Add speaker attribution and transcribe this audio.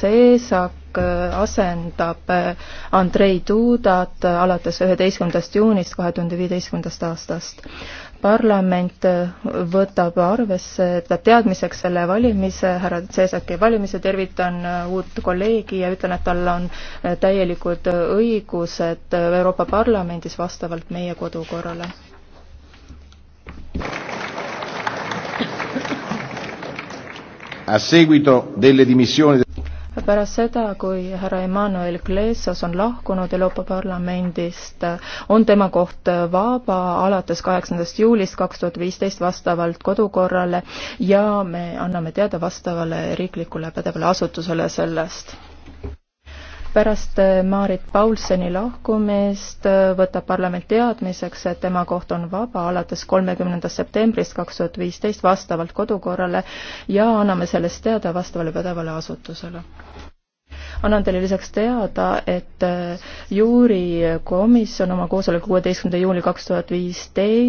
Speaker 1: CESAC asendab äh, Andrei Dudat äh, alates üheteistkümnendast juunist kahe tuhande viieteistkümnendast aastast. parlament äh, võtab arvesse, võtab teadmiseks selle valimise, härra CESAC-i valimise, tervitan uut kolleegi ja ütlen, et tal on täielikud õigused Euroopa Parlamendis vastavalt meie kodukorrale.
Speaker 2: a seguito delle dimissioni
Speaker 1: pärast seda, kui härra Emmanuel Glesos on lahkunud Euroopa Parlamendist, on tema koht vaba alates kaheksandast juulist kaks tuhat viisteist vastavalt kodukorrale ja me anname teada vastavale riiklikule pädevale asutusele sellest pärast äh, Marit Paulseni lahkumist äh, võtab parlament teadmiseks, et tema koht on vaba alates kolmekümnendast septembrist kaks tuhat viisteist vastavalt kodukorrale ja anname sellest teada vastavale pädevale asutusele annan teile lisaks teada, et äh, juurikomisjon oma koosoleku kuueteistkümnenda juuli kaks tuhat viisteist